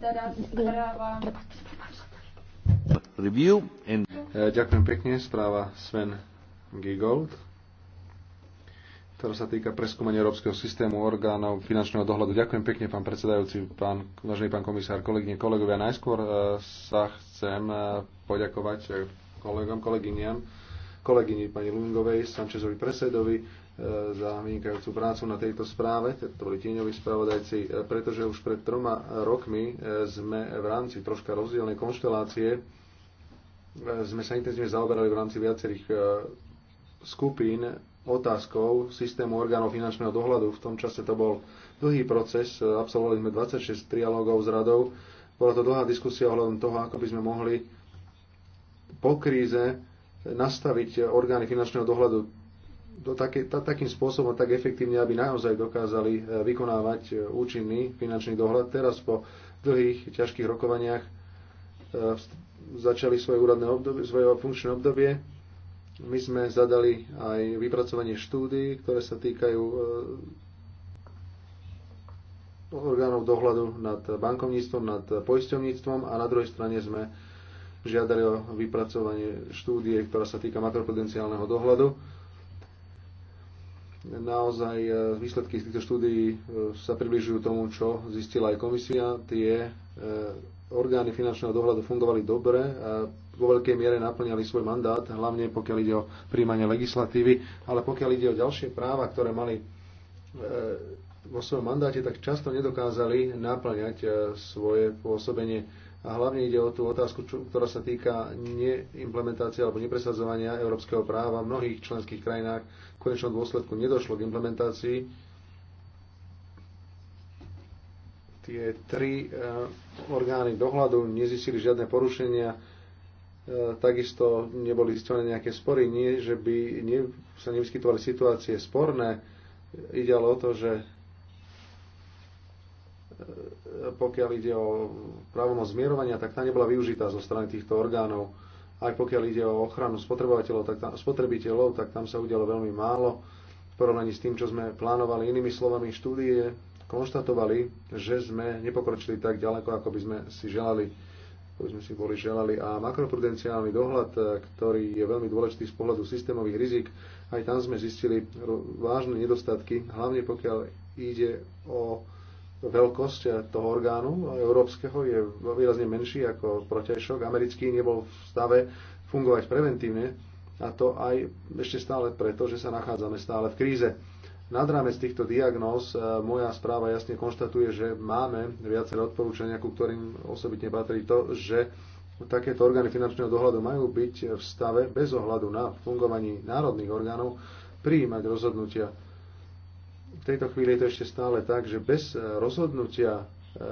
Teda Review and... E, ďakujem pekne, správa Sven Gigold ktorá sa týka preskúmania Európskeho systému orgánov finančného dohľadu. Ďakujem pekne, pán predsedajúci, pán, vážený pán komisár, kolegyne, kolegovia. Najskôr e, sa chcem e, poďakovať kolegom, kolegyniam, kolegyni pani Lumingovej, Sančezovi Presedovi, E, za vynikajúcu prácu na tejto správe, to boli tieňoví spravodajci, e, pretože už pred troma rokmi e, sme v rámci troška rozdielnej konštelácie sme sa intenzívne zaoberali v rámci viacerých skupín otázkou systému orgánov finančného dohľadu. V tom čase to bol dlhý proces, absolvovali sme 26 trialógov s radou. Bola to dlhá diskusia ohľadom toho, ako by sme mohli po kríze nastaviť orgány finančného dohľadu do také, ta, takým spôsobom, tak efektívne, aby naozaj dokázali e, vykonávať e, účinný finančný dohľad. Teraz po dlhých, ťažkých rokovaniach e, začali svoje úradné obdobie, svoje funkčné obdobie. My sme zadali aj vypracovanie štúdií, ktoré sa týkajú orgánov dohľadu nad bankovníctvom, nad poisťovníctvom a na druhej strane sme žiadali o vypracovanie štúdie, ktorá sa týka makroprudenciálneho dohľadu Naozaj e, výsledky z týchto štúdií e, sa približujú tomu, čo zistila aj komisia. Tie e, orgány finančného dohľadu fungovali dobre a vo veľkej miere naplňali svoj mandát, hlavne pokiaľ ide o príjmanie legislatívy, ale pokiaľ ide o ďalšie práva, ktoré mali vo svojom mandáte, tak často nedokázali naplňať svoje pôsobenie a hlavne ide o tú otázku, čo, ktorá sa týka neimplementácie alebo nepresadzovania európskeho práva v mnohých členských krajinách. V konečnom dôsledku nedošlo k implementácii. Tie tri e, orgány dohľadu nezistili žiadne porušenia, e, takisto neboli zistené nejaké spory. Nie, že by ne, sa nevyskytovali situácie sporné, ide ale o to, že pokiaľ ide o právomoc zmierovania, tak tá nebola využitá zo strany týchto orgánov. Aj pokiaľ ide o ochranu spotrebiteľov, tak tam, spotrebiteľov, tak tam sa udialo veľmi málo v porovnaní s tým, čo sme plánovali. Inými slovami, štúdie konštatovali, že sme nepokročili tak ďaleko, ako by sme si želali ktorý sme si boli želali. A makroprudenciálny dohľad, ktorý je veľmi dôležitý z pohľadu systémových rizik, aj tam sme zistili vážne nedostatky, hlavne pokiaľ ide o veľkosť toho orgánu európskeho je výrazne menší ako protiažok. Americký nebol v stave fungovať preventívne a to aj ešte stále preto, že sa nachádzame stále v kríze. Nad rámec týchto diagnóz e, moja správa jasne konštatuje, že máme viaceré odporúčania, ku ktorým osobitne patrí to, že takéto orgány finančného dohľadu majú byť v stave bez ohľadu na fungovaní národných orgánov prijímať rozhodnutia tejto chvíli je to ešte stále tak, že bez e, rozhodnutia e,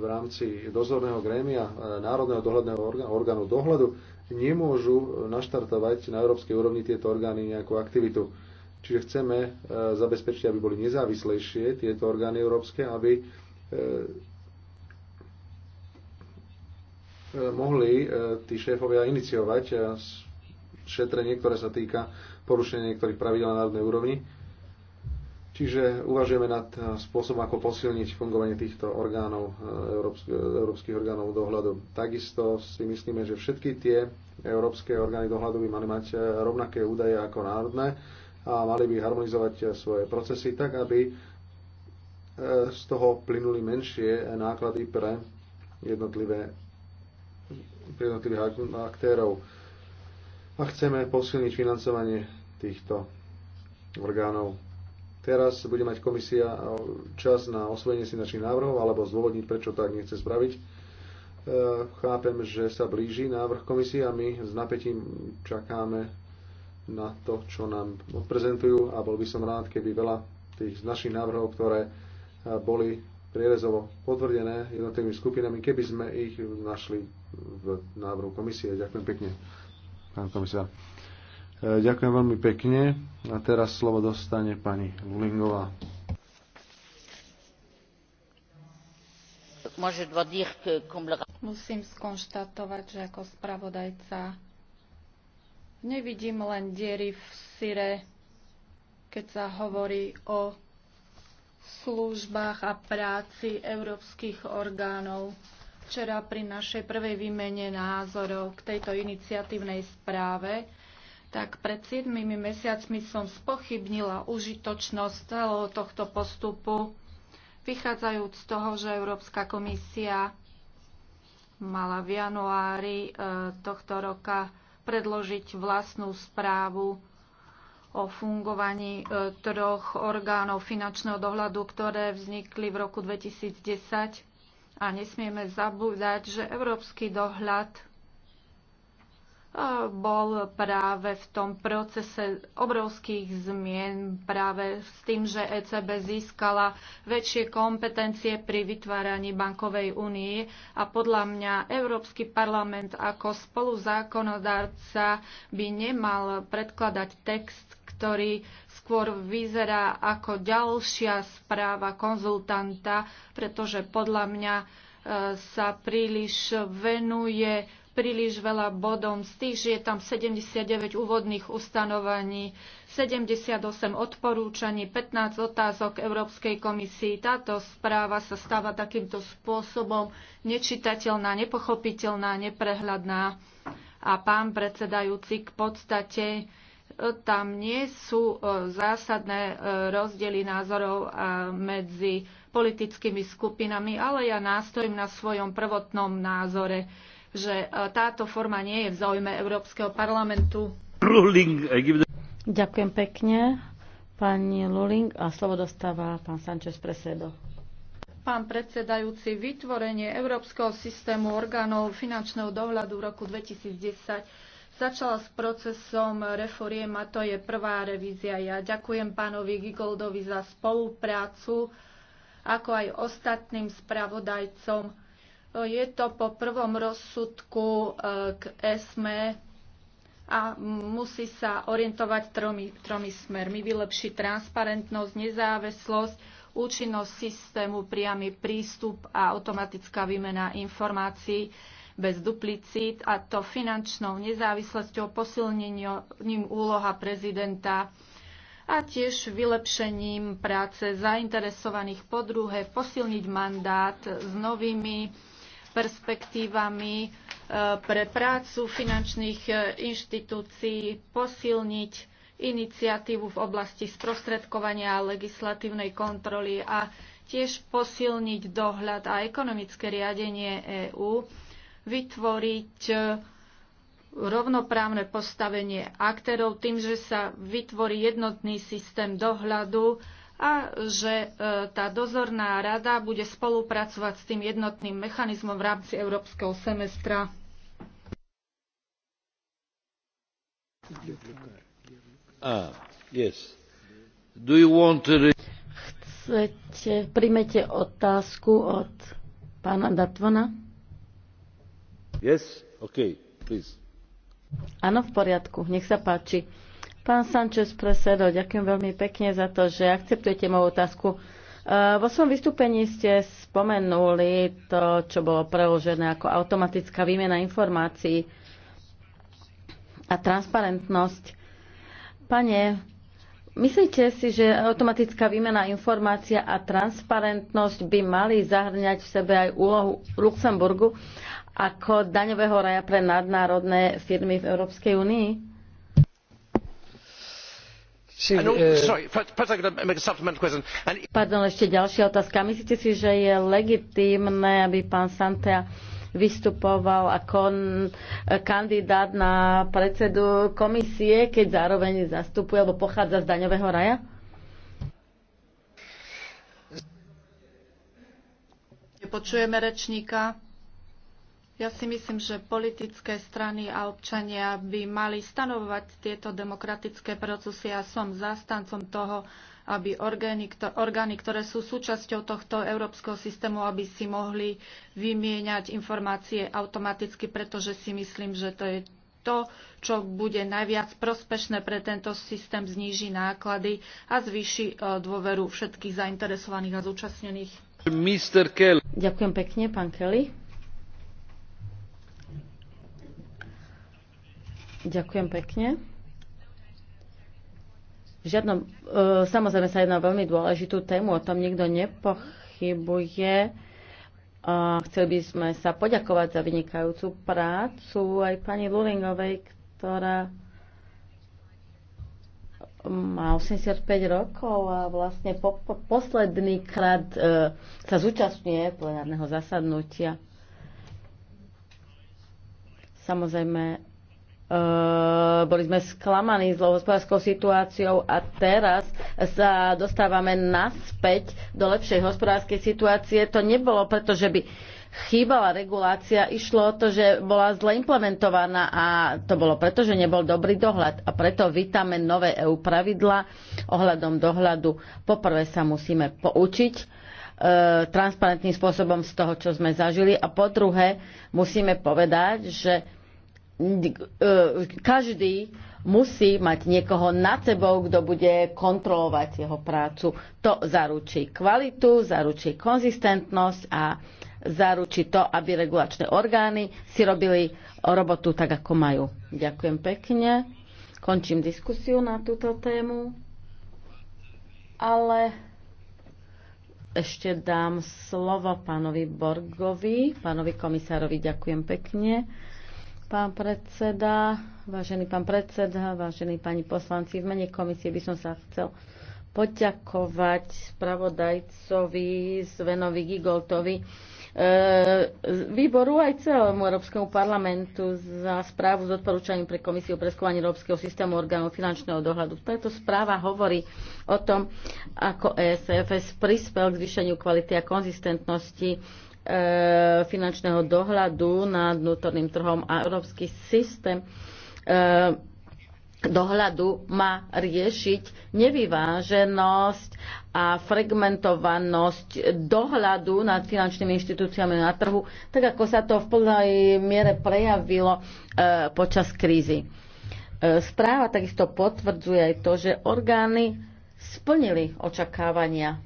v rámci dozorného grémia e, Národného dohľadného orgánu dohľadu nemôžu naštartovať na európskej úrovni tieto orgány nejakú aktivitu. Čiže chceme zabezpečiť, aby boli nezávislejšie tieto orgány európske, aby mohli tí šéfovia iniciovať šetrenie, ktoré sa týka porušenia niektorých pravidel na národnej úrovni Čiže uvažujeme nad eh, spôsobom, ako posilniť fungovanie týchto orgánov, eh, európskych orgánov dohľadu. Takisto si myslíme, že všetky tie európske orgány dohľadu by mali mať eh, rovnaké údaje ako národné a mali by harmonizovať svoje procesy tak, aby z toho plynuli menšie náklady pre jednotlivé, pre jednotlivých aktérov. A chceme posilniť financovanie týchto orgánov Teraz bude mať komisia e, čas na osvojenie si našich návrhov alebo zdôvodniť, prečo tak nechce spraviť. E, chápem, že sa blíži návrh komisie a my s napätím čakáme na to, čo nám odprezentujú a bol by som rád, keby veľa tých z našich návrhov, ktoré e, boli prierezovo potvrdené jednotlivými skupinami, keby sme ich našli v návrhu komisie. Ďakujem pekne, pán komisár. E, ďakujem veľmi pekne a teraz slovo dostane pani Lulingová. Musím skonštatovať, že ako spravodajca nevidím len diery v syre, keď sa hovorí o službách a práci európskych orgánov. Včera pri našej prvej výmene názorov k tejto iniciatívnej správe tak pred 7 mesiacmi som spochybnila užitočnosť celého tohto postupu, vychádzajúc z toho, že Európska komisia mala v januári e, tohto roka predložiť vlastnú správu o fungovaní e, troch orgánov finančného dohľadu, ktoré vznikli v roku 2010. A nesmieme zabúdať, že európsky dohľad bol práve v tom procese obrovských zmien, práve s tým, že ECB získala väčšie kompetencie pri vytváraní bankovej únie a podľa mňa Európsky parlament ako spoluzákonodárca by nemal predkladať text, ktorý skôr vyzerá ako ďalšia správa konzultanta, pretože podľa mňa e, sa príliš venuje príliš veľa bodom z tých, že je tam 79 úvodných ustanovaní, 78 odporúčaní, 15 otázok Európskej komisii. Táto správa sa stáva takýmto spôsobom nečitateľná, nepochopiteľná, neprehľadná. A pán predsedajúci k podstate e, tam nie sú e, zásadné e, rozdiely názorov medzi politickými skupinami, ale ja nástojím na svojom prvotnom názore že e, táto forma nie je v záujme Európskeho parlamentu. Ďakujem pekne, pani Luling. A slovo dostáva pán Sanchez Presedo. Pán predsedajúci, vytvorenie Európskeho systému orgánov finančného dohľadu v roku 2010 začala s procesom reforiem a to je prvá revízia. Ja ďakujem pánovi Gigoldovi za spoluprácu, ako aj ostatným spravodajcom je to po prvom rozsudku eh, k ESME a musí sa orientovať tromi, tromi smermi. Vylepšiť transparentnosť, nezávislosť, účinnosť systému, priamy prístup a automatická výmena informácií bez duplicít a to finančnou nezávislosťou, posilnením úloha prezidenta a tiež vylepšením práce zainteresovaných. Po druhé, posilniť mandát s novými perspektívami e, pre prácu finančných e, inštitúcií, posilniť iniciatívu v oblasti sprostredkovania legislatívnej kontroly a tiež posilniť dohľad a ekonomické riadenie EÚ, vytvoriť e, rovnoprávne postavenie aktérov tým, že sa vytvorí jednotný systém dohľadu a že e, tá dozorná rada bude spolupracovať s tým jednotným mechanizmom v rámci európskeho semestra. Ah, yes. Do you want to... Chcete, príjmete otázku od pána Datvona? Yes, okay, please. Áno, v poriadku, nech sa páči. Pán Sanchez Presedo, ďakujem veľmi pekne za to, že akceptujete moju otázku. E, vo svojom vystúpení ste spomenuli to, čo bolo preložené ako automatická výmena informácií a transparentnosť. Pane, myslíte si, že automatická výmena informácia a transparentnosť by mali zahrňať v sebe aj úlohu Luxemburgu ako daňového raja pre nadnárodné firmy v Európskej únii? Ah, no, eh, Pardon, ešte ďalšia otázka. Myslíte si, že je legitímne, aby pán Santea vystupoval ako kandidát na predsedu komisie, keď zároveň zastupuje alebo pochádza z daňového raja? rečníka. Ja si myslím, že politické strany a občania by mali stanovovať tieto demokratické procesy a som zástancom toho, aby orgány, orgány, ktoré sú súčasťou tohto európskeho systému, aby si mohli vymieňať informácie automaticky, pretože si myslím, že to je to, čo bude najviac prospešné pre tento systém, zníži náklady a zvýši e, dôveru všetkých zainteresovaných a zúčastnených. Ďakujem pekne, pán Kelly. Ďakujem pekne. V žiadnom, e, samozrejme sa jedná o veľmi dôležitú tému, o tom nikto nepochybuje. A e, chceli by sme sa poďakovať za vynikajúcu prácu aj pani Lulingovej, ktorá má 85 rokov a vlastne po, po, posledný krát e, sa zúčastňuje plenárneho zasadnutia. Samozrejme, boli sme sklamaní zlou hospodárskou situáciou a teraz sa dostávame naspäť do lepšej hospodárskej situácie. To nebolo preto, že by chýbala regulácia, išlo o to, že bola zle implementovaná a to bolo preto, že nebol dobrý dohľad. A preto vítame nové EU pravidla ohľadom dohľadu. Poprvé sa musíme poučiť e, transparentným spôsobom z toho, čo sme zažili. A po druhé, musíme povedať, že každý musí mať niekoho nad sebou, kto bude kontrolovať jeho prácu. To zaručí kvalitu, zaručí konzistentnosť a zaručí to, aby regulačné orgány si robili robotu tak, ako majú. Ďakujem pekne. Končím diskusiu na túto tému. Ale ešte dám slovo pánovi Borgovi, pánovi komisárovi. Ďakujem pekne. Pán predseda, vážený pán predseda, vážení pani poslanci, v mene komisie by som sa chcel poďakovať spravodajcovi Svenovi Gigoltovi e, výboru aj celému Európskemu parlamentu za správu s odporúčaním pre komisiu pre Európskeho systému orgánov finančného dohľadu. Preto správa hovorí o tom, ako ESFS prispel k zvýšeniu kvality a konzistentnosti Eh, finančného dohľadu nad vnútorným trhom a európsky systém eh, dohľadu má riešiť nevyváženosť a fragmentovanosť dohľadu nad finančnými inštitúciami na trhu, tak ako sa to v plnej miere prejavilo eh, počas krízy. správa takisto potvrdzuje aj to, že orgány splnili očakávania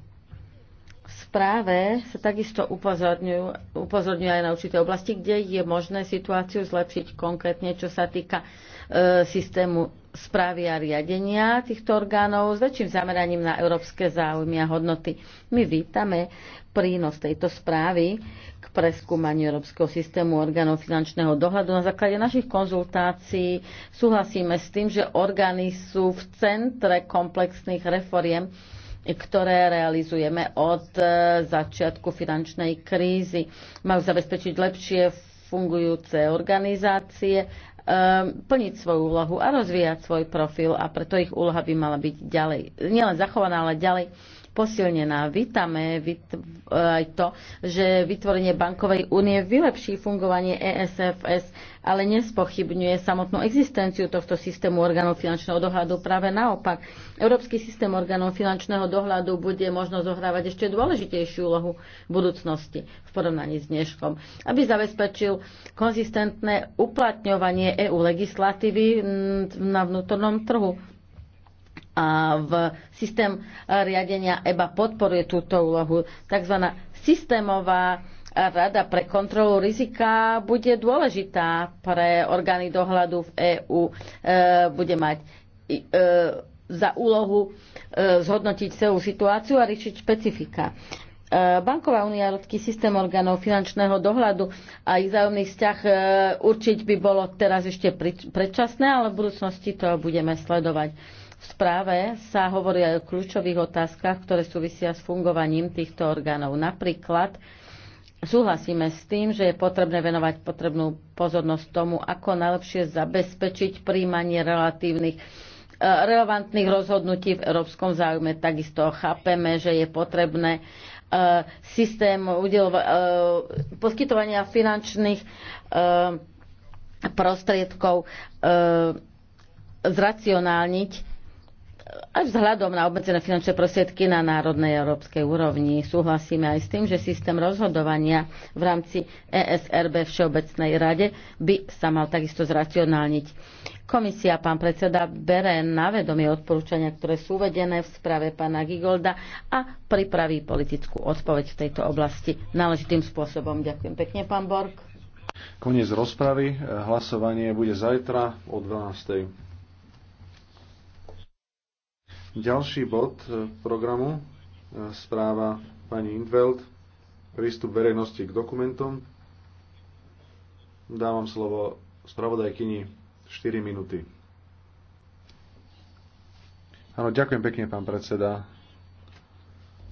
správe sa takisto upozorňujú, upozorňujú aj na určité oblasti, kde je možné situáciu zlepšiť konkrétne, čo sa týka e, systému správy a riadenia týchto orgánov s väčším zameraním na európske záujmy a hodnoty. My vítame prínos tejto správy k preskúmaniu Európskeho systému orgánov finančného dohľadu. Na základe našich konzultácií súhlasíme s tým, že orgány sú v centre komplexných reforiem ktoré realizujeme od e, začiatku finančnej krízy. Majú zabezpečiť lepšie fungujúce organizácie, e, plniť svoju úlohu a rozvíjať svoj profil a preto ich úloha by mala byť ďalej, nielen zachovaná, ale ďalej posilnená. Vítame aj to, že vytvorenie bankovej únie vylepší fungovanie ESFS, ale nespochybňuje samotnú existenciu tohto systému orgánov finančného dohľadu. Práve naopak, Európsky systém orgánov finančného dohľadu bude možno zohrávať ešte dôležitejšiu úlohu v budúcnosti v porovnaní s dneškom, aby zabezpečil konzistentné uplatňovanie EU legislatívy mm, na vnútornom trhu a v systém e, riadenia EBA podporuje túto úlohu. Takzvaná systémová rada pre kontrolu rizika bude dôležitá pre orgány dohľadu v EÚ. E, bude mať e, za úlohu zhodnotiť celú situáciu a riešiť špecifika. Banková únia ľudský systém orgánov finančného dohľadu a ich zájomný vzťah určiť by bolo teraz ešte predčasné, ale v budúcnosti to budeme sledovať v správe sa hovorí aj o kľúčových otázkach, ktoré súvisia s fungovaním týchto orgánov. Napríklad súhlasíme s tým, že je potrebné venovať potrebnú pozornosť tomu, ako najlepšie zabezpečiť príjmanie relatívnych e, relevantných rozhodnutí v európskom záujme. Takisto chápeme, že je potrebné e, systém e, poskytovania finančných prostriedkov zracionálniť aj vzhľadom na obmedzené finančné prostriedky na národnej európskej úrovni súhlasíme aj s tým, že systém rozhodovania v rámci ESRB Všeobecnej rade by sa mal takisto zracionálniť. Komisia, pán predseda, bere na vedomie odporúčania, ktoré sú uvedené v sprave pána Gigolda a pripraví politickú odpoveď v tejto oblasti náležitým spôsobom. Ďakujem pekne, pán Borg. Koniec rozpravy. Hlasovanie bude zajtra o 12. Ďalší bod e, programu, e, správa pani Indveld, prístup verejnosti k dokumentom. Dávam slovo spravodajkyni 4 minúty. Áno, ďakujem pekne, pán predseda.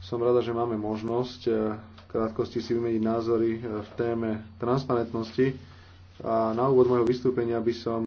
Som rada, že máme možnosť e, v krátkosti si vymeniť názory v téme transparentnosti. A na úvod môjho vystúpenia by som